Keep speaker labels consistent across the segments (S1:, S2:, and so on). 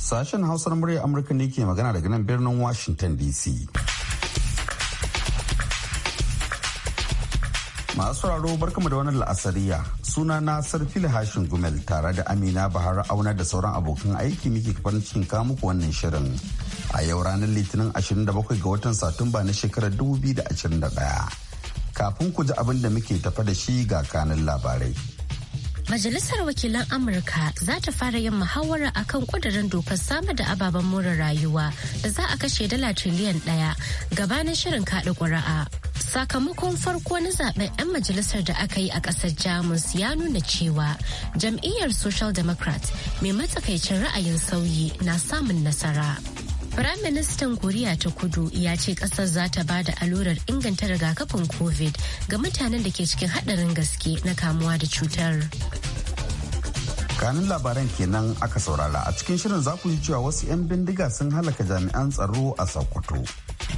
S1: Sashen Hausar murya Amurka ne ke magana daga nan birnin Washington DC. Masu raro barkama da wannan la'asariya suna na sarfil hashin gumel tare da Amina Bahar Auna da sauran abokan aiki muke farin cikin kamuku wannan shirin. a yau ranar litinin 27 ga watan satumba na shekarar 2021 kafin ku ji abin da muke tafa da shi ga kanin labarai
S2: Majalisar Wakilan Amurka za ta fara yin muhawara akan kudirin dokar samar da ababen more rayuwa da za a kashe dala triliyan daya gabanin shirin kaɗa ƙuri'a. Sakamakon farko na zaben 'yan majalisar da aka yi a ƙasar Jamus ya nuna cewa jam'iyyar Social Democrat mai matsakaicin ra'ayin sauyi na samun nasara. Firaministan Koriya ta Kudu ya ce kasar za ta ba da allurar inganta rigakafin COVID ga mutanen da ke cikin haɗarin gaske na kamuwa da cutar.
S1: kanun labaran kenan aka saurara a cikin shirin za ku ji cewa wasu 'yan bindiga sun halaka jami'an tsaro a Sokoto.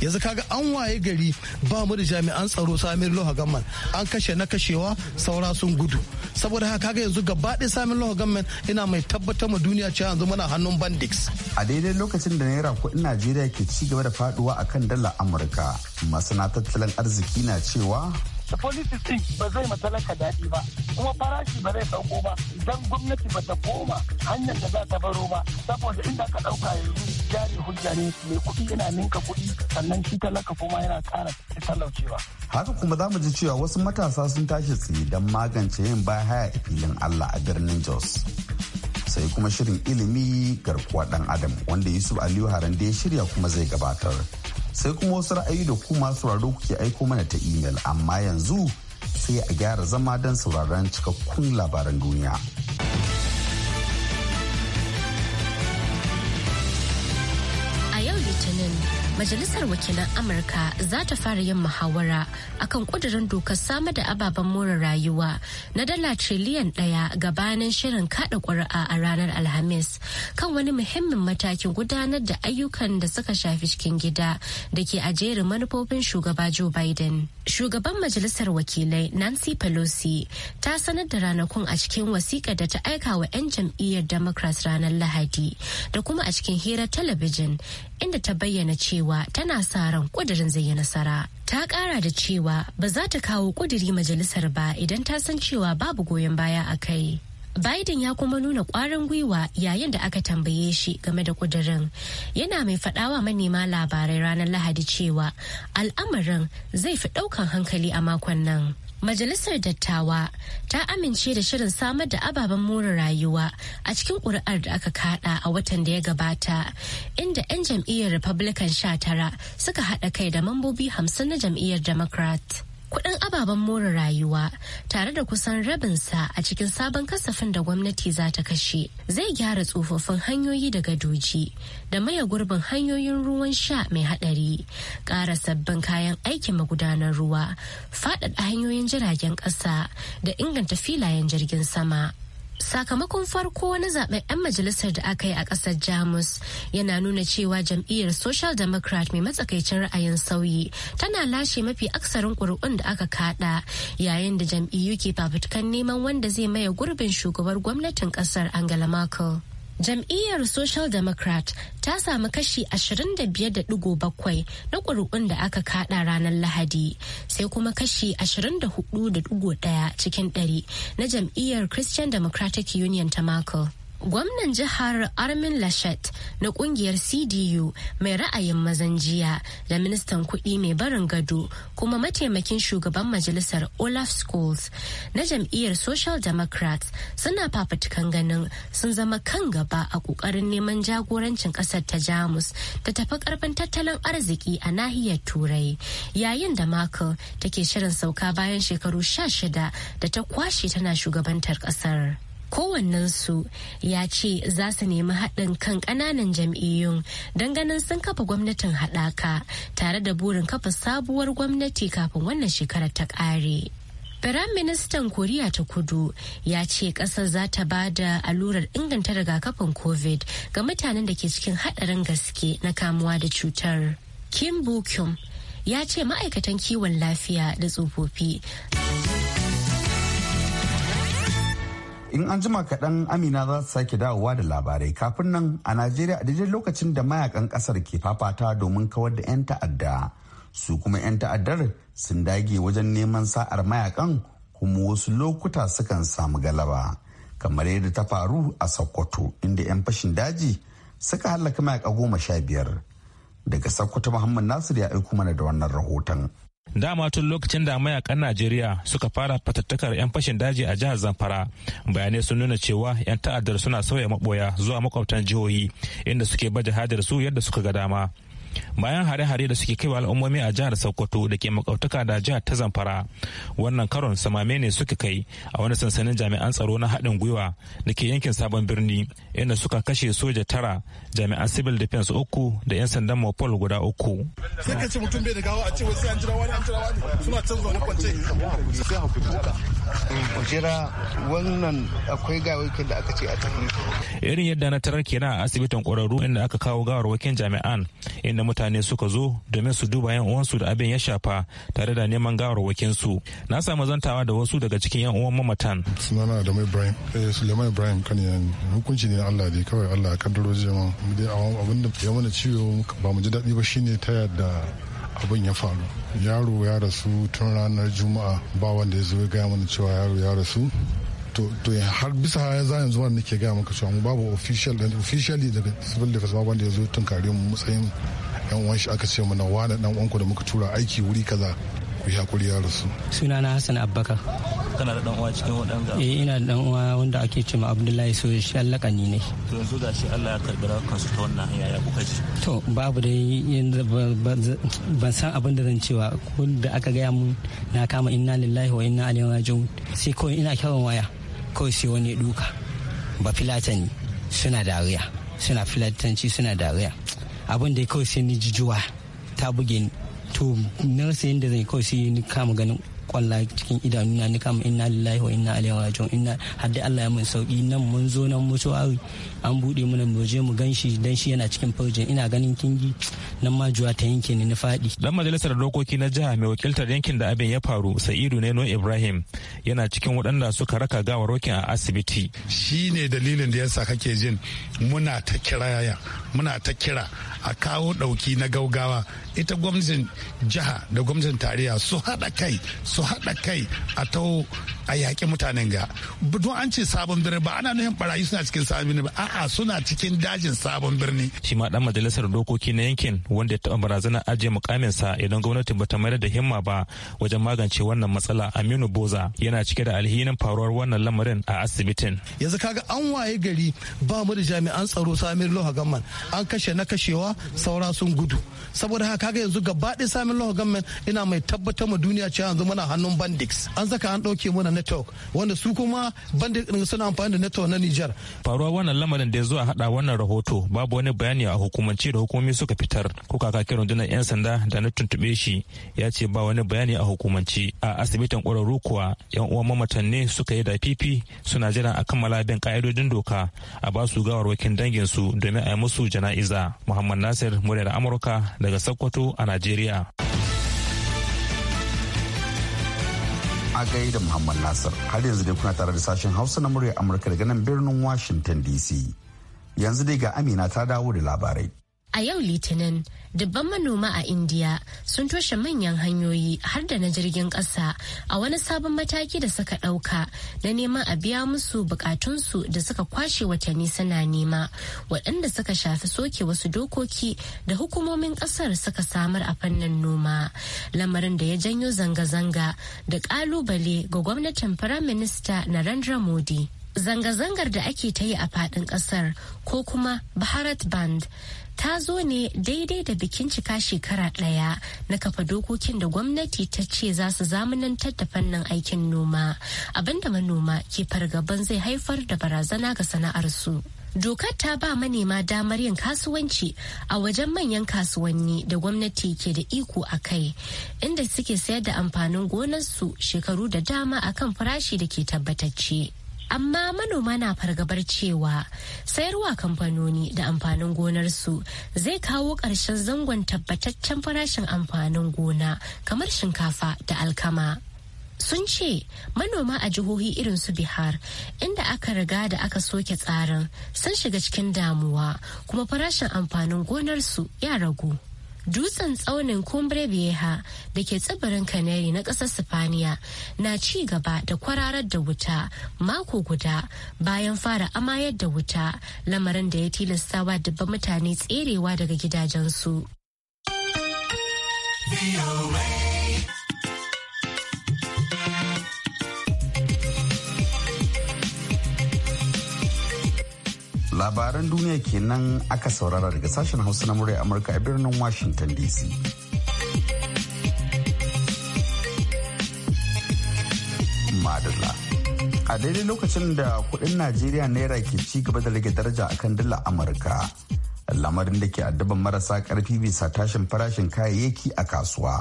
S1: yanzu kaga an waye gari ba mu da
S3: jami'an tsaro samin loha gamman an kashe na kashewa saura sun gudu saboda haka kaga yanzu gaba ɗaya samin loha gamman ina mai tabbatar ma duniya cewa yanzu muna hannun bandits a daidai
S1: lokacin da naira kuɗin najeriya ke ci gaba da faduwa akan dala amurka masana tattalin arziki na cewa
S4: da is din ba zai matsalaka daɗi ba kuma farashi ba zai sauko ba idan gwamnati ba ta koma hanyar da za ta baro ba saboda inda ka ɗauka yanzu jari hujja ne mai kuɗi yana ninka kuɗi sannan shi talaka kuma yana ƙara talaucewa.
S1: haka kuma za mu ji cewa wasu matasa sun tashi tsaye don magance yin bayan haya filin allah a birnin jos sai kuma shirin ilimi garkuwa dan adam wanda yusuf aliyu haran da ya shirya kuma zai gabatar sai kuma wasu ra'ayi da ku masu sauraro kuke aiko mana ta imel amma yanzu sai a gyara zama don sauraron cikakkun labaran
S2: duniya. Majalisar Wakilan Amurka za ta fara yin muhawara akan kudirin dokar samar da ababen more rayuwa na dala triliyan ɗaya gabanin shirin kaɗa ƙuri'a a ranar Alhamis kan wani muhimmin matakin gudanar da ayyukan da suka shafi cikin gida da ke a jerin manufofin shugaba Joe Biden. Shugaban Majalisar Wakilai Nancy Pelosi ta sanar da ranakun a cikin wasiƙa da ta aika wa 'yan jam'iyyar Democrats ranar Lahadi da kuma a cikin hirar talabijin inda ta bayyana cewa tana sa ran kudirin zai yi nasara. Ta kara da cewa ba za ta kawo kudiri majalisar ba idan ta san cewa babu goyon baya a kai. Biden ya kuma nuna kwarin gwiwa yayin da aka tambaye shi game da kudirin. Yana mai fadawa manema labarai ranar Lahadi cewa al'amarin zai fi daukan hankali a makon nan. Majalisar Dattawa ta amince da shirin samar da ababen more rayuwa a cikin ƙuri'ar da aka kaɗa a watan da ya gabata, inda 'yan jam'iyyar Republican 19 suka haɗa kai da mambobi 50 na jam'iyyar Democrat. kuɗin ababen more rayuwa tare da kusan rabinsa a cikin sabon kasafin da gwamnati za ta kashe zai gyara tsofaffin hanyoyi da gadoji da maye gurbin hanyoyin ruwan sha mai haɗari ƙara sabbin kayan aikin magudanar ruwa faɗaɗa hanyoyin jiragen ƙasa da inganta filayen jirgin sama. Sakamakon farko na zaben 'yan majalisar da aka yi a ƙasar Jamus yana nuna cewa jam'iyyar Social Democrat mai matsakaicin ra'ayin sauyi tana lashe mafi aksarin ƙuri'un da aka kada yayin da jam'iyyu ke fafutukan neman wanda zai maye gurbin shugabar gwamnatin ƙasar Angela Merkel. Jam'iyyar Social Democrat ta samu kashi 25.7 na ƙuri'un da aka kada ranar Lahadi, sai kuma kashi 24.1 cikin ɗari na jam'iyyar Christian Democratic Union ta Merkel. Gwamnan jihar Armin Lashet na kungiyar CDU mai ra'ayin mazan jiya da ministan kuɗi mai barin gado kuma mataimakin shugaban majalisar Olaf Schools na jam'iyyar Social Democrats suna fafutukan ganin sun zama kan gaba a ƙoƙarin neman jagorancin ƙasar ta Jamus ta tafi ƙarfin tattalin arziki a nahiyar Turai yayin da Merkel take shirin sauka bayan shekaru sha shida da ta kwashe tana shugabantar ƙasar. kowannensu ya ce za su nemi haɗin kan ƙananan jam'iyyun don ganin sun kafa gwamnatin haɗaka tare da burin kafa sabuwar gwamnati kafin wannan shekarar ta ƙare. Firaministan Koriya ta kudu ya ce ƙasar za ta ba da allurar inganta rigakafin COVID ga mutanen da ke cikin haɗarin gaske na kamuwa da cutar. Kim bukum ya ce ma'aikatan kiwon lafiya da tsofaffi.
S1: in an jima kaɗan amina za su sake dawowa da labarai kafin nan a najeriya a daidai lokacin da mayakan ƙasar ke fafata domin kawar da 'yan ta'adda su kuma 'yan ta'addar sun dage wajen neman sa'ar mayakan kuma wasu lokuta sukan samu galaba kamar yadda ta faru a sokoto inda 'yan fashin daji suka hallaka mayaka goma sha biyar daga sokoto muhammad nasir ya aiko mana da wannan rahoton.
S5: dama tun lokacin da mayakan najeriya suka fara fatattakar 'yan fashin daji a jihar zamfara bayanai sun nuna cewa 'yan ta'addar suna sauya maboya zuwa makwabtan jihohi inda suke baje hajar su yadda suka ga dama bayan hare-hare da suke kaiwa al'ummomi a jihar sokoto da ke makautaka da jihar ta zamfara wannan karon samame ne suka kai a wani sansanin jami'an tsaro na haɗin gwiwa da ke yankin sabon birni inda suka kashe soja tara jami'an civil defense uku da 'yan sandan mopol guda uku
S3: mutum bai da a sai an jira wani an jira wani suna kwance wannan
S6: akwai da aka ce a
S5: irin yadda na tarar kenan a asibitin ƙwararru inda aka kawo gawarwakin jami'an inda mutane suka zo domin su duba yan uwansu da abin ya shafa tare da neman wakinsu na samu zantawa da wasu daga cikin yan uwan mamatan sunana da mai ibrahim
S3: eh suleiman ibrahim kan yan hukunci ne Allah dai kawai Allah kan duro jama'a mu dai abin da ya mana ciwo ba mu ji daɗi ba shine ta yadda abin ya faru yaro ya rasu tun ranar juma'a ba wanda ya zo ya gaya mana cewa yaro ya rasu to har bisa ya za yanzu wanda nake gaya maka cewa mu babu official officially daga civil defense babu wanda ya zo kare mu matsayin yan uwan shi aka ce mana wani dan uwanku da muka tura aiki wuri kaza ku
S4: yi hakuri ya rasu na hassan abbaka kana da dan uwa cikin waɗanda eh ina da dan uwa wanda ake ce ma abdullahi so shi Allah kani ne
S5: to yanzu da shi Allah ya karbi su ta wannan hanya ya kuka ji
S4: to babu da yanzu ban san abin da zan cewa ko da aka gaya mun na kama inna lillahi wa inna ilaihi raji'un sai ko ina kiran waya kawai sai wani duka ba filatani suna dariya suna filatanci suna dariya abin da kawai sai ni jijuwa ta buge ni to na rasa yadda zai kawai sai ni kama ganin kwalla cikin idanuna ni kama inna lillahi wa inna ilaihi raji'un inna Allah ya mun sauki nan mun zo nan mutu awi an bude mu mu je mu ganshi dan shi yana cikin farjin ina ganin kingi nan ma juwa ta yanke ni na fadi
S5: dan majalisar dokoki na jiha mai wakiltar yankin da abin ya faru Sa'idu Neno Ibrahim yana cikin waɗanda suka raka rokin a asibiti shi ne dalilin da yasa kake jin muna ta kiraya muna ta kira
S7: a kawo ɗauki na gaugawa ita gwamnatin jiha da gwamnatin tarayya su haɗa kai su haɗa kai a taho a yaƙi mutanen ga don an ce sabon
S3: birni ba ana nuhin
S5: barayi suna cikin sabon birni ba a'a suna cikin dajin sabon birni shi ma dan majalisar dokoki na yankin wanda ya taɓa barazanar ajiye mukamin sa idan gwamnati ba ta mayar da himma ba wajen magance wannan matsala Aminu Boza yana cike da alhinin faruwar wannan lamarin a asibitin
S3: yanzu kaga an waye gari ba mu da jami'an tsaro Samir Loha Gamman an kashe na kashewa saura sun gudu saboda haka kaga yanzu gabaɗaya Samir Loha Gamman ina mai tabbatar ma duniya cewa yanzu muna hannun bandix an saka an ɗauke mana network wanda su kuma din suna
S5: amfani da network na Nijar. Faruwa wannan lamarin da zuwa hada wannan rahoto babu wani bayani a hukumance da hukumomi suka fitar ko kaka kiran rundunar 'yan sanda da na tuntuɓe shi ya ce ba wani bayani a hukumance a asibitin ƙwararru kuwa 'yan uwan mamatan ne suka yi da fifi suna jiran a kammala bin ka'idodin doka a ba su gawarwakin dangin su domin a yi musu jana'iza. Muhammad Nasir muryar Amurka daga Sokoto a Najeriya.
S1: a da Muhammad Nasir. Har yanzu dai kuna tare da sashen Hausa na murya Amurka daga nan birnin Washington DC. Yanzu dai ga Amina ta dawo da labarai.
S2: a yau litinin dubban manoma a indiya sun toshe manyan hanyoyi har da na jirgin kasa a wani sabon mataki da suka ɗauka na neman a biya musu bukatunsu da suka kwashe watanni suna nema waɗanda suka shafi soke wasu dokoki da hukumomin kasar suka samar a fannin noma lamarin da ya janyo zanga-zanga da kalubale ga gwamnatin firaminista narendra modi Zanga-zangar da ake ta yi a faɗin ƙasar ko kuma Bharat Band ta zo ne daidai da bikin cika shekara ɗaya na kafa dokokin da gwamnati ta ce za su zamanantar da fannin aikin noma abinda manoma ke fargaban zai haifar da barazana ga sana'ar su. Dokar ta ba manema damar yin kasuwanci a wajen manyan kasuwanni da gwamnati ke da iko a kai, inda suke sayar da amfanin gonarsu shekaru da dama akan farashi da ke tabbatacce. amma manoma na fargabar cewa sayarwa kamfanoni da amfanin gonarsu zai kawo ƙarshen zangon tabbataccen farashin amfanin gona kamar shinkafa da alkama sun ce manoma a jihohi irin su bihar inda aka riga da aka soke tsarin sun shiga cikin damuwa kuma farashin amfanin gonarsu ya ragu dutsen tsaunin cumbre vieja da ke tsibirin canary na ƙasar sifaniya na ci gaba da kwararar da wuta mako guda bayan fara amayar da wuta lamarin da ya tilastawa dubban mutane tserewa daga gidajensu.
S1: labaran duniya kenan aka saurara daga sashen hausa na murya amurka a birnin washington dc madalla a daidai lokacin da kudin najeriya naira ke ci gaba da rage daraja akan dala amurka lamarin da ke addaban marasa karfi bisa tashin farashin kayayyaki a kasuwa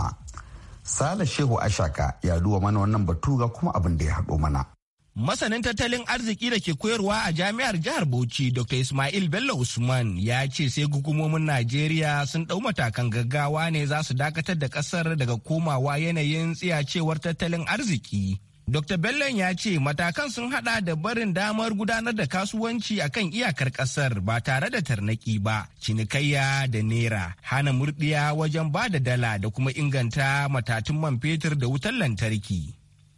S1: sale shehu ashaka ya duba mana wannan batu ga kuma abin da ya haɗo
S6: mana Masanin tattalin arziki da ke koyarwa a jami'ar jihar Bauchi Dr. Ismail Bello Usman ya ce sai hukumomin Najeriya sun ɗau matakan gaggawa ne za su dakatar da ƙasar daga komawa yanayin tsiyacewar tattalin arziki. Dr. Bello ya ce matakan sun hada da barin damar gudanar da kasuwanci a kan iyakar ƙasar ba tare da tarnaki ba, cinikayya da nera, hana murɗiya wajen ba da dala da kuma inganta matatun man fetur da wutar lantarki.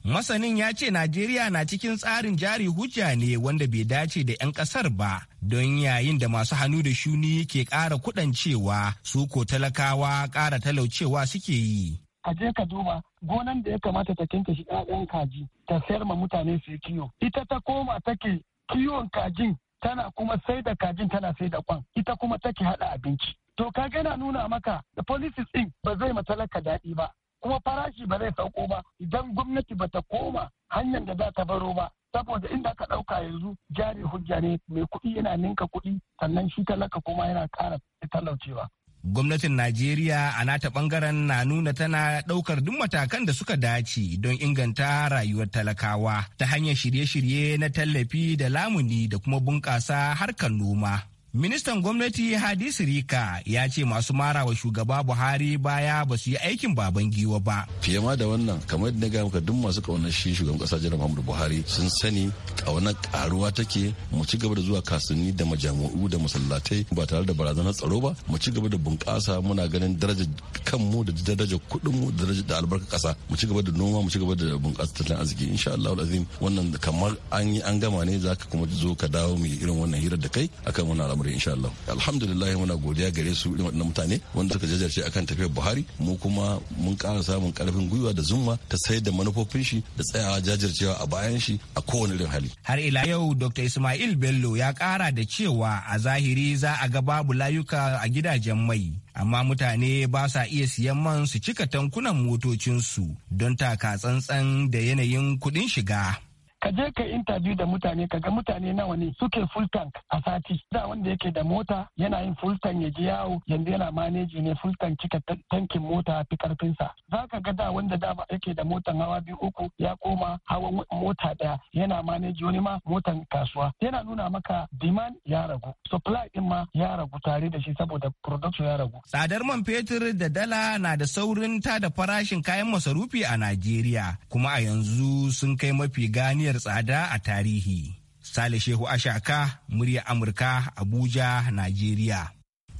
S6: Masanin ya ce Najeriya na cikin tsarin jari hujja ne wanda bai dace da 'yan ƙasar ba don yayin da masu hannu da shuni ke ƙara kuɗancewa su ko talakawa kara talaucewa suke yi.
S4: Ka je ka duba gonan da ya kamata ta kinka shi ɗaɗan kaji ta sayar ma mutane su yi kiyo. Ita ta koma take kiwon kajin tana kuma sai da kajin tana sai da kwan ita kuma take haɗa abinci. To ka gana nuna maka da policies ɗin ba zai matalaka daɗi ba. kuma farashi ba zai sauko ba idan gwamnati ba ta koma hanyar da za ta baro ba saboda inda ka ɗauka yanzu jari hujja ne mai kuɗi yana ninka kuɗi sannan shi talaka kuma yana ƙara talaucewa.
S6: Gwamnatin Najeriya a nata ɓangaren na nuna tana ɗaukar duk matakan da suka dace don inganta rayuwar talakawa ta hanyar shirye-shirye na tallafi da lamuni da kuma bunƙasa harkar noma. Ministan gwamnati Hadi rika ya ce masu mara wa shugaba Buhari baya ba su yi aikin baban giwa ba. Fiye ma da wannan
S1: kamar da ga muka duk masu kaunar shi shugaban kasa jiran Muhammadu Buhari sun sani kaunar karuwa take mu ci gaba da zuwa kasuwanni da majamu'u da masallatai ba tare da barazanar tsaro ba mu ci gaba da bunƙasa muna ganin daraja kanmu da daraja kuɗinmu da daraja da albarkar ƙasa mu ci gaba da noma mu ci gaba da bunƙasa tattalin arziki insha Allah azim wannan kamar an yi an gama ne zaka kuma zo ka dawo mu irin wannan hirar da kai akan wannan al'amari aure insha Allah alhamdulillah muna godiya gare su irin waɗannan mutane wanda suka jajirce akan tafiyar Buhari mu kuma mun ƙara samun ƙarfin gwiwa da zumma ta sayar da manufofin shi da tsayawa jajircewa a bayan shi a kowane irin hali
S6: har ila yau Dr Ismail Bello ya ƙara da cewa a zahiri za a ga babu layuka a gidajen mai amma mutane ba sa iya siyan man su cika tankunan motocinsu don taka tsantsan da yanayin kuɗin shiga
S4: ka je ka interview da mutane ka ga mutane nawa ne suke full tank a sati da wanda yake da mota yana yin full tank ya ji yawo yanzu yana maneji ne full tank cika tankin mota fi sa za ka ga da wanda da yake da motan hawa biyu uku ya koma hawan mota daya yana maneji wani ma motan kasuwa yana nuna maka demand ya ragu supply din ma ya ragu tare da shi saboda
S6: production ya ragu tsadar man fetur da dala na da saurin ta da farashin kayan masarufi a Najeriya kuma a yanzu sun kai mafi gani matsananciyar tsada a tarihi. Sale Shehu Ashaka, murya Amurka, Abuja, Najeriya.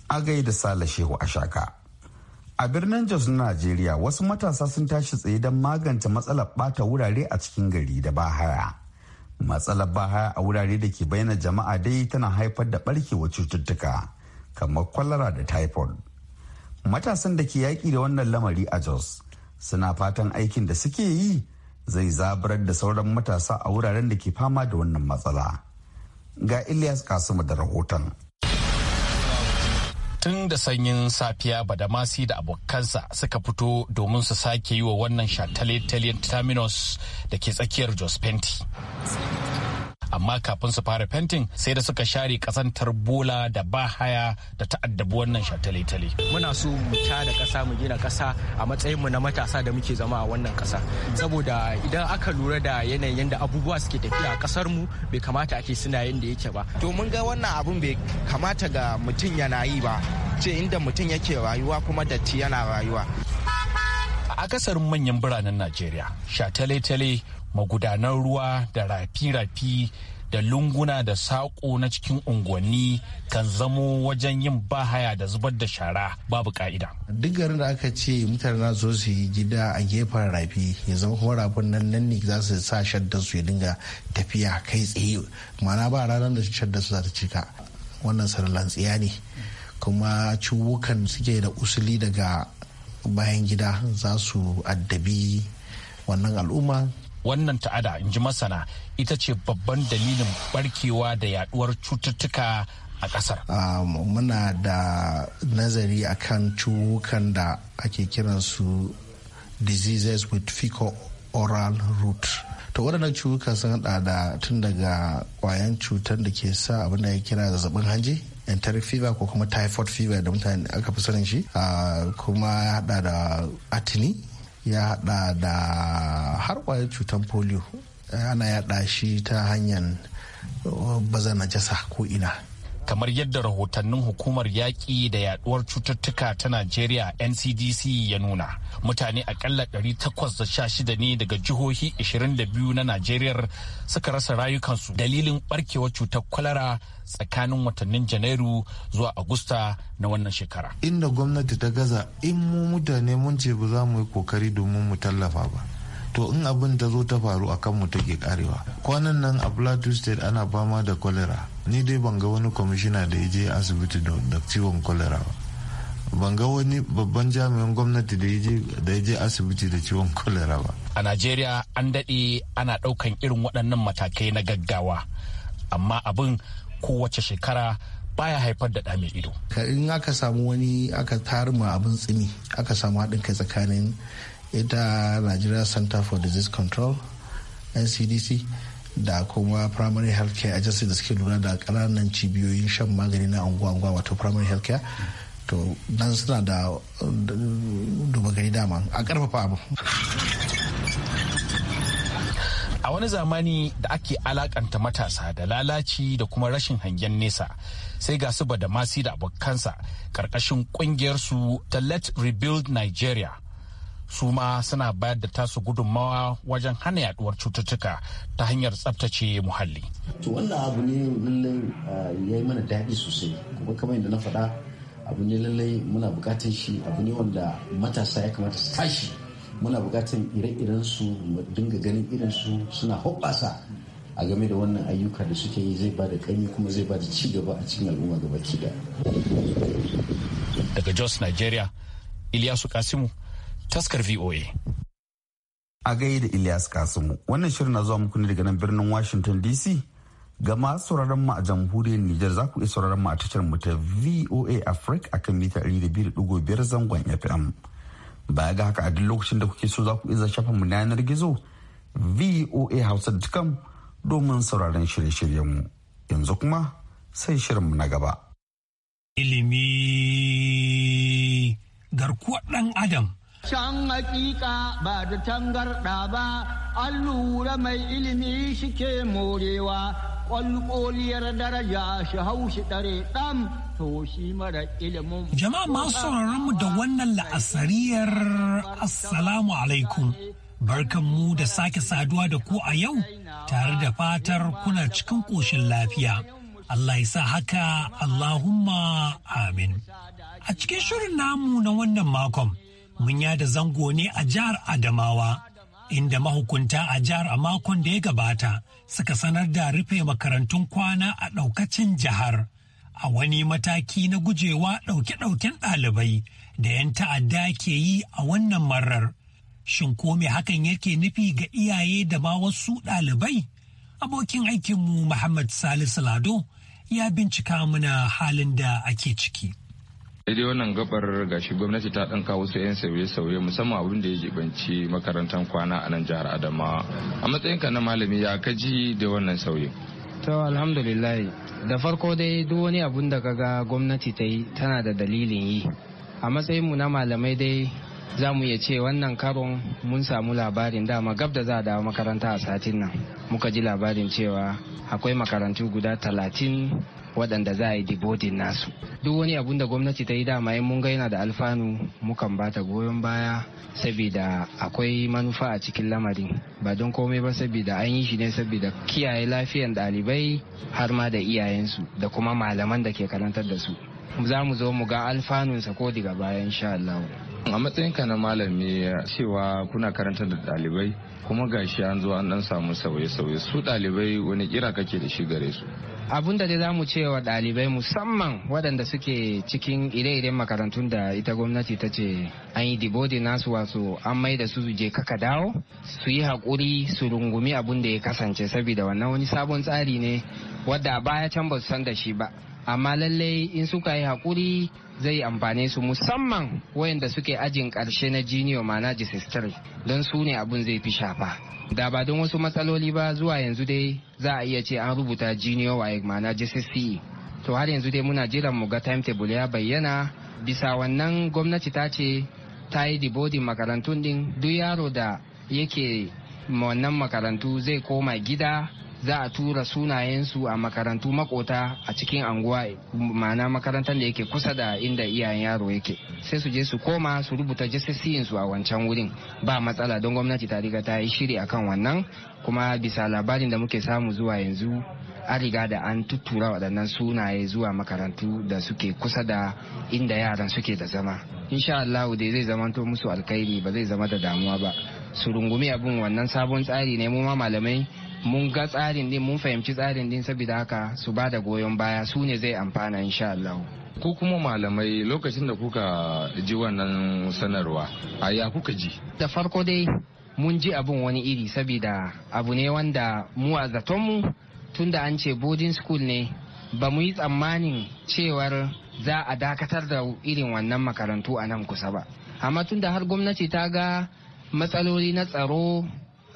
S6: Agai da
S1: Sale Shehu Ashaka. A birnin Jos na Najeriya wasu matasa sun tashi tsaye don magance matsalar ɓata wurare a cikin gari da bahaya. Matsalar bahaya a wurare da ke bayyana jama'a dai tana haifar da ɓarkewar cututtuka kamar kwalara da typhoid. Matasan da ke yaƙi da wannan lamari a Jos suna fatan aikin da suke yi zai zabarar da sauran matasa a wuraren da ke fama da wannan matsala. Ga Ilyas Kasimu da rahoton. Tun da
S8: sanyin safiya Badamasi da abokansa suka fito domin su sake yi wa wannan shatale-talen terminus da ke tsakiyar Jos Fenti. amma kafin su fara fentin sai da suka share kasantar bola da bahaya da ta'addabi wannan
S6: shataletale. muna so mu ta da kasa mu gina kasa a matsayin mu na matasa da muke zama a wannan kasa saboda idan aka lura da yanayin yadda abubuwa suke tafiya a kasar mu bai kamata ake suna yadda yake ba to mun ga wannan abun bai kamata ga mutum yana yi ba ce inda mutum yake rayuwa kuma datti yana rayuwa akasarin manyan biranen
S8: najeriya shatale-tale magudanan ruwa da rafi-rafi da lunguna da saƙo na cikin unguwanni kan zamo wajen yin bahaya da zubar da shara babu ka'ida.
S3: Duk garin da aka ce mutane na zo su yi gida a gefen rafi ya zama kuma rafin nan nan ne za su sa shaddan su ya dinga tafiya kai tsaye Mana ba ranar da shaddan su za ta cika wannan saralan tsiya ne kuma ciwukan suke da usuli daga bayan gida za su addabi
S8: wannan al'umma wannan ta'ada in ji masana ita ce babban dalilin barkewa da yaduwar cututtuka a kasar ah, muna da
S3: nazari a kan ciwukan da ake kiransu diseases with fecal oral Root. to waɗannan cuwuka sun hada da tun daga kwayan cutar da ke sa abin da ya kira zazzabin hanji enteric fever ko kuma typhoid fever da mutane aka fi sanin shi kuma ya hada da atini ya hada da har kwayar cutar polio ana yada shi ta hanyar
S8: uh, baza najasa ko ina kamar yadda rahotannin hukumar yaƙi da yaduwar cututtuka ta najeriya ncdc ya nuna mutane akalla 816 ne daga jihohi 22 na najeriya suka rasa rayukansu dalilin barkewar cutar kwalara tsakanin watannin janairu zuwa agusta na wannan shekara
S3: inda gwamnati ta gaza in mu mutane mun ce ba za mu yi kokari domin mu tallafa ba to in abin ta zo ta faru a mu take karewa kwanan nan a plateau state ana fama da cholera ni dai ban ga wani kwamishina da ya je asibiti da ciwon cholera ba ban ga wani babban jami'in gwamnati da ya je asibiti da ciwon kolera ba.
S8: A Najeriya an daɗe ana ɗaukan irin waɗannan matakai na gaggawa, amma abin kowace shekara baya haifar da ɗame ido.
S3: In aka samu wani aka tarma abin tsini, aka samu haɗin kai tsakanin ita nigeria center for disease control ncdc da kuma primary healthcare agency da suke lura da ƙananan cibiyoyin shan magani na unguwa-unguwa wato primary healthcare to nan suna da duba gari dama a karfafa abu
S8: a wani zamani da ake alakanta matasa da lalaci da kuma rashin hangen nesa sai ga su da masi da abokansa karkashin kungiyarsu ta let rebuild nigeria su ma suna bayar da tasu gudunmawa wajen hana yaduwar cututtuka ta hanyar tsabtace muhalli. To wannan abu
S3: ne lallai ah, ya yi mana daɗi sosai kuma kamar yadda na faɗa abu ne lallai muna buƙatar shi abu ne wanda matasa ya kamata su tashi muna buƙatar ire-iren su dinga ganin irin su suna hoɓɓasa a game da wannan ayyuka da suke yi zai bada da kuma zai bada ci gaba a cikin al'umma gaba ki
S8: Daga Jos Nigeria, iliyasu Kasimu, taskar VOA.
S1: A gaida Ilyas Kasimu, wannan shirin na zuwa muku ne daga nan birnin Washington DC. Ga masu sauraron mu a jamhuriyar Nijar za ku iya sauraron mu a tashar mu ta VOA Africa akan mita 200.5 zangon FM. Baya ga haka a duk lokacin da kuke so za ku iya shafa mu na yanar gizo voa hausa voahausa.com domin sauraron shirye mu Yanzu kuma sai shirin mu na gaba. Ilimi
S9: garkuwar ɗan Adam.
S6: Can hakika ba da tangarɗa ba, an lura mai ilimi shike morewa, ƙwalƙoliyar daraja shi haushi ɗare ɗan to shi mara ilimin. Jama'a masu
S9: mu da wannan la'asariyar Assalamu alaikum. barkan mu da sake saduwa da ku a yau tare da fatar kuna cikin koshin lafiya. Allah ya sa haka Allahumma amin. A cikin shirin namu na wannan makon. mun yada zango ne a jihar Adamawa, inda mahukunta a jihar a makon da ya gabata suka sanar da rufe makarantun kwana a ɗaukacin jihar. A wani mataki na gujewa ɗauke-ɗauken ɗalibai da 'yan ta'adda ke yi a wannan marar. Shin ko me hakan yake nufi ga iyaye da ma wasu ɗalibai? Abokin aikinmu Muhammad Salisu Lado ya bincika mana halin da ake ciki.
S10: daidai wannan gabar gashi gwamnati ta dan kawo su 'yan sauye-sauye musamman abin da ya jibanci makarantar kwana a nan jihar adamawa a matsayinka na malami ya kaji da wannan sauye.
S11: to alhamdulillah da farko dai duk wani abun da kaga gwamnati ta yi tana da dalilin yi a matsayin mu na malamai dai za mu iya ce wannan karon mun samu labarin dama gab da za a dawo makaranta a satin nan muka ji labarin cewa akwai makarantu guda talatin waɗanda za a yi dibodin nasu duk wani abun da gwamnati ta yi dama in mun ga yana da alfanu mukan ta goyon baya saboda akwai manufa a cikin lamarin ba don komai ba saboda an yi shi ne saboda kiyaye lafiyan ɗalibai har ma da iyayensu da kuma malaman da ke karantar da su za mu zo mu ga alfanunsa ko daga bayan sha Allah.
S10: a matsayinka na malami cewa kuna karantar da ɗalibai kuma gashi an zo an dan samu sauye-sauye su ɗalibai wani kira kake da shi gare su
S11: abun da dai za mu ce wa ɗalibai musamman waɗanda suke cikin ire-iren makarantun da ita gwamnati ta ce an yi dibodi nasu wasu an mai da su je kaka dawo su yi haƙuri su rungumi abun da ya kasance saboda wannan wani sabon tsari ne wadda a baya can ba su san da shi ba amma lallai in suka yi hakuri zai amfane su musamman wayanda suke ajin karshe na junior mana jisistiri don su ne abun zai fi shafa da ba don wasu matsaloli ba zuwa yanzu dai za a iya ce an rubuta junior waye mana jisistiri to har yanzu dai muna jiran mu ga timetable ya bayyana bisa wannan gwamnati ta ce ta yi dibodin makarantun din duk yaro da yake wannan makarantu zai koma gida za a tura sunayensu a makarantu makota a cikin anguwa ma'ana makarantar da yake kusa da inda iyayen yaro yake sai su je su koma su rubuta jasasiyin su a wancan wurin ba matsala don gwamnati ta riga ta yi shiri akan wannan kuma bisa labarin da muke samu zuwa yanzu an riga da an tuttura waɗannan sunaye zuwa makarantu da suke kusa da inda yaran suke da zama insha Allah dai zai to musu alkhairi ba zai zama da damuwa ba su rungumi abin wannan sabon tsari ne mu ma malamai mun ga tsarin din mun fahimci tsarin din saboda haka su ba da goyon baya su ne zai amfana insha Allah.
S10: Ku kuma malamai lokacin da kuka ji wannan sanarwa a ya kuka ji?
S11: Da farko dai mun ji abun wani iri saboda abu ne wanda mu a zaton zatonmu tunda an ce boarding school ne ba mu yi tsammanin cewar za a dakatar da irin wannan makarantu a nan kusa ba. Amma tunda har gwamnati ta ga matsaloli na tsaro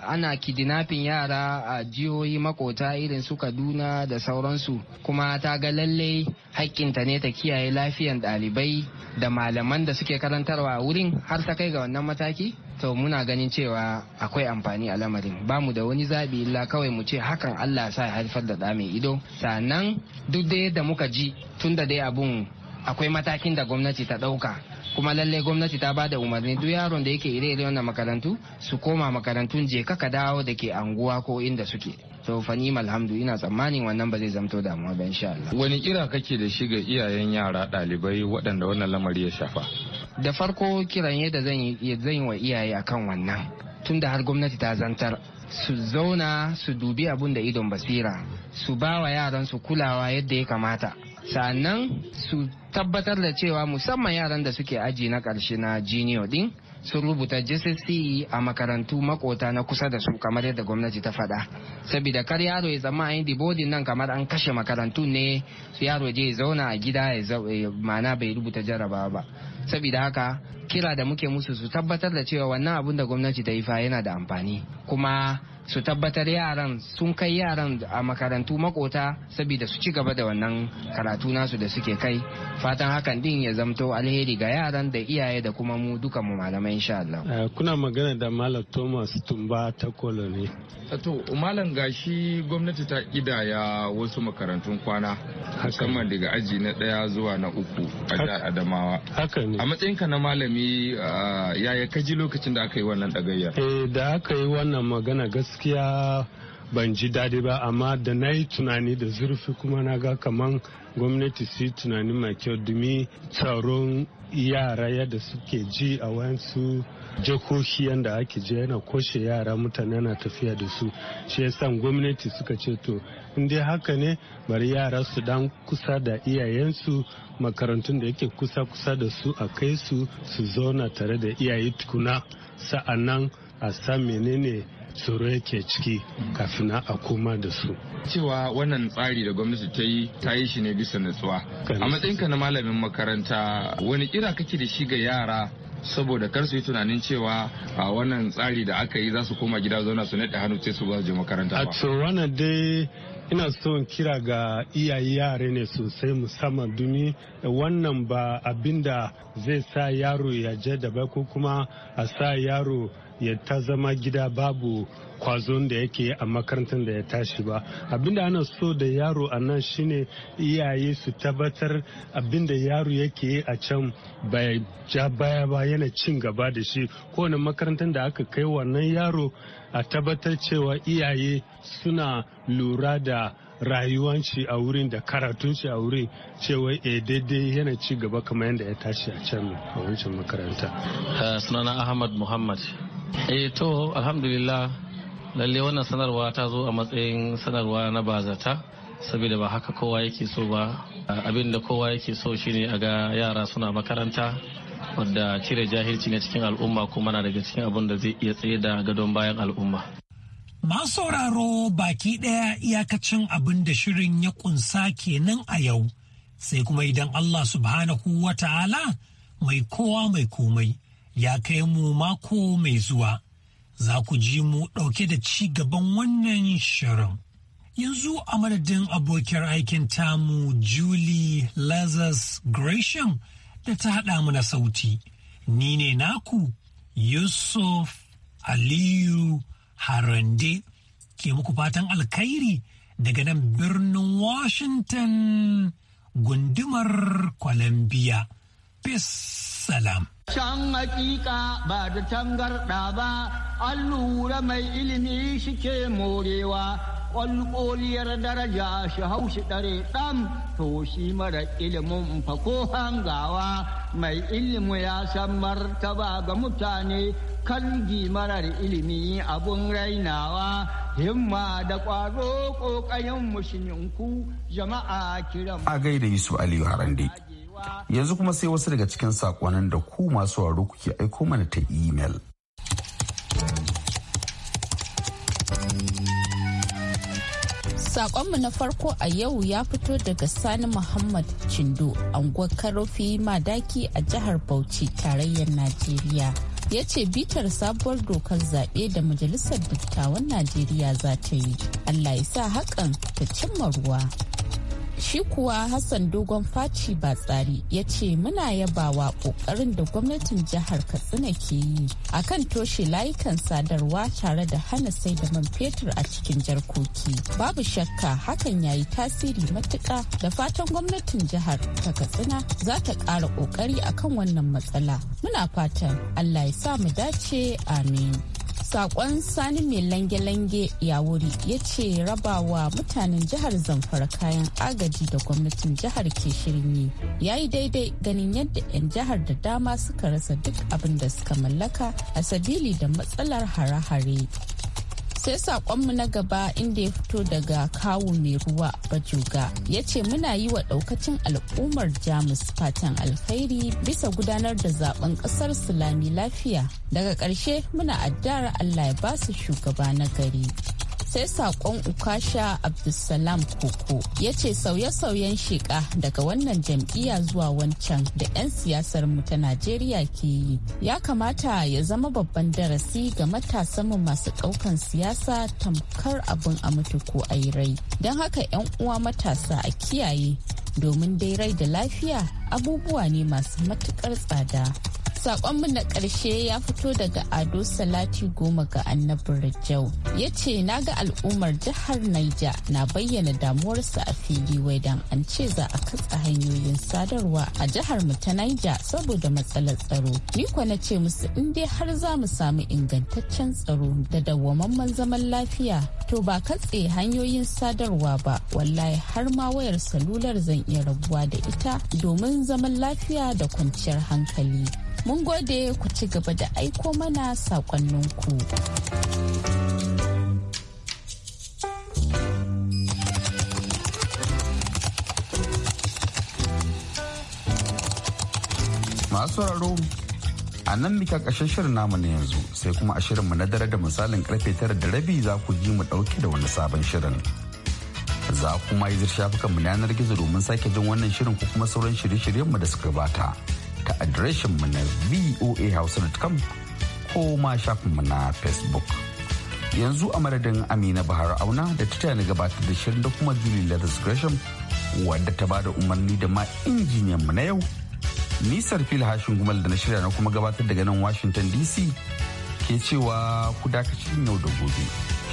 S11: ana kidnapping yara a jihohi makota irin su kaduna da sauransu kuma ta ga lallai haƙƙinta ne ta kiyaye lafiyan ɗalibai da malaman da suke karantarwa a wurin har ta kai ga wannan mataki to muna ganin cewa akwai amfani a lamarin ba mu da wani zaɓi illa kawai mu ce hakan allah sa haifar da ɗa mai ido sannan duk da yadda muka ji tun da dai abun akwai matakin da gwamnati ta ɗauka kuma lalle gwamnati ta bada umarni duk yaron da yake ire-ire wannan makarantu su koma makarantun je kaka dawo da ke anguwa ko inda suke to fani alhamdu ina tsammanin wannan ba zai zamto damuwa ba insha Allah
S10: wani kira kake da shi ga iyayen yara ɗalibai waɗanda wannan lamari ya shafa
S11: da farko kiran yadda zan yi wa iyaye akan wannan tunda har gwamnati ta zantar su zauna su dubi abun da idon basira su ba wa yaran su kulawa yadda ya kamata sannan su tabbatar da cewa musamman yaran da suke aji na karshe na junior din sun rubuta JCC a makarantu makota na kusa da su kamar yadda gwamnati ta faɗa. Saboda kar yaro ya zama a yi bodin nan kamar an kashe makarantu ne yaro je ya zauna a gida ya eh, mana bai rubuta jarabawa ba. Saboda haka kira da muke musu su tabbatar da cewa wannan abun da gwamnati ta yi fa yana da amfani. Kuma su tabbatar yaran sun kai yaran a makarantu makota saboda su ci gaba da wannan karatu nasu da suke kai fatan hakan din ya zamto alheri ga yaran da iyaye da kuma mu duka mu malamai insha Allah
S7: eh, kuna magana da malam Thomas Tumba ta Kolone
S10: eh, to malam gashi gwamnati ta kidaya wasu makarantun kwana musamman daga aji na daya zuwa na uku a jihar Adamawa a matsayinka na malami ah, yaya kaji lokacin da aka yi wannan dagayyar eh da aka
S7: yi wannan magana gaskiya gaskiya ban ji daɗi ba amma da na yi tunani da zurfi kuma na ga kaman gwamnati su yi tunani mai kyau domin tsaron yara yadda suke ji a wasu jakoki yadda ake je yana koshe yara mutane na tafiya da su shi yasa gwamnati suka ce to dai haka ne bari yara su dan kusa da iyayensu makarantun da yake kusa kusa da su a kai su su zauna tare da iyaye tukuna sa'annan a san menene tsoro yake ciki kafin a koma da su
S10: cewa wannan tsari da gwamnati ta yi ta yi shi ne bisa natsuwa a matsayinka na malamin makaranta wani kira kake da shi ga yara saboda kar su yi tunanin cewa a wannan tsari da aka yi za su koma gida zauna su naɗe hannu sai su ba je makaranta ba. A
S7: Toronto dai ina son kira ga iyaye yare ne sosai musamman domin wannan ba abinda zai sa yaro ya je da ba ko kuma a sa yaro ya ta zama gida babu kwazon da yake a makarantar da ya tashi ba abinda ana so da yaro a nan shine iyaye su tabbatar abinda yaro yake a can baya ja baya ba yana cin gaba da shi kowane makarantar da aka kai wannan yaro a tabbatar cewa iyaye suna lura da Rayuwanci a wurin da karatunci a wurin cewa e daidai yana ci gaba kamar yadda ya tashi a can a wancan makaranta
S8: sunana ahmad muhammad eh to alhamdulillah lalle wannan sanarwa ta zo a matsayin sanarwa na bazata saboda ba haka kowa yake so ba abin da kowa yake so shine a ga yara suna makaranta wadda cire jahilci na cikin al'umma kuma na daga cikin abin da zai iya tsaye da gadon bayan
S9: al'umma Masu sauraro baki ɗaya iyakacin abin da shirin ya ƙunsa kenan a yau, sai kuma idan Allah subhanahu wa ta'ala mai kowa mai komai ya kai mu mako mai zuwa, za ku ji mu ɗauke da ci gaban wannan shirin. Yanzu a madadin abokiyar aikin tamu Julie Lazarus Gresham da ta haɗa mana sauti, ni ne naku Yusuf Aliyu. harande ke muku fatan alkhairi daga nan birnin washington gundumar columbia peace salam
S6: Can hakika ba da tangarda ba, an lura mai ilimi shike morewa ƙwalƙoliyar daraja shi haushi ɗare ɗan to shi mara ilimin fa ko hangawa mai ilimi ya san martaba ga mutane kan marar ilimi abun rainawa himma da ƙwaro ƙoƙayen musulminku jama'a kiran.
S1: A gaida Yusuf Aliyu Harande. Yanzu kuma sai wasu daga cikin saƙonan da ku masu waro kuke aiko mana ta imel.
S12: Sakonmu na farko a yau ya fito daga Sani Muhammad Chindo, anguwar Karofi Madaki a jihar Bauchi, tarayyar Najeriya. ya ce bitar sabuwar dokar zaɓe da majalisar dattawan najeriya za ta yi allah ya sa hakan ta cimma ruwa Shi kuwa Hassan Dogon Faci Batsari ya ce muna yabawa ƙoƙarin da gwamnatin jihar Katsina ke yi akan toshe layukan sadarwa tare da hana sai da man fetur a cikin jarkoki. Babu shakka hakan ya yi tasiri matuƙa da fatan gwamnatin jihar ta Katsina za ta ƙara ƙoƙari akan wannan matsala. Muna fatan Allah ya sa mu dace amin. Sakon Sani mai lange-lange ya wuri ya ce wa mutanen jihar Zamfara kayan agaji da gwamnatin jihar ke shirin yi. Ya yi daidai ganin yadda 'yan jihar da dama suka rasa duk abin da suka mallaka a sabili da matsalar hare-hare. sai saƙonmu na gaba inda ya fito daga kawo mai ruwa bajuga ya ce muna yi wa ɗaukacin al'ummar jamus fatan alkhairi bisa gudanar da zaben ƙasar sulami lafiya daga ƙarshe muna addara allah ya basu shugaba na gari sai sakon ukasha abdulsalam koko ya ce sauye-sauyen sheka daga wannan jam'iyya zuwa wancan da 'yan siyasar mu ta najeriya ke yi ya kamata ya zama babban darasi ga matasanmu masu ɗaukan siyasa tamkar abin a mutu ko a yi rai don haka 'yan uwa matasa a kiyaye domin dai rai da lafiya abubuwa ne masu matuƙar tsada Sakonmu na ƙarshe ya fito daga Ado Salati Goma ga Annabin Rajau. Ya ce na ga al'ummar jihar Naija na bayyana damuwarsa a fili wai dan an ce za a katsa hanyoyin sadarwa a jihar mu ta Naija saboda matsalar tsaro. Ni kuwa na ce musu in dai har za mu samu ingantaccen tsaro da dawwamamman zaman lafiya to ba katse hanyoyin sadarwa ba wallahi har ma wayar salular zan iya rabuwa da ita domin zaman lafiya da kwanciyar hankali. Mun gode ku ci gaba da aiko mana sakonninku.
S1: Masu raro a nan muke ƙashin shirin namu na yanzu sai kuma a shirinmu na dare da misalin karfe tara da rabi za ku ji mu ɗauke da wani sabon shirin. Za kuma yi shafukanmu na yanar gizo domin sake jin wannan shirin ko kuma sauran shirye-shiryenmu da suka gabata. mu na voa hausa.com ko ma shafinmu na facebook yanzu a madadin amina bahar auna da ta na gabatar da shirin da kuma juli leathers gresham wadda ta bada umarni da ma injiniyan mu na yau nisar fil hashin gumal da na shirya na kuma gabatar daga nan washington dc ke cewa ku dakacin yau da gobe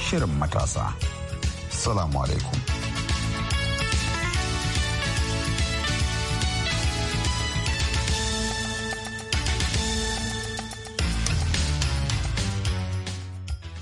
S1: shirin matasa salamu alaikum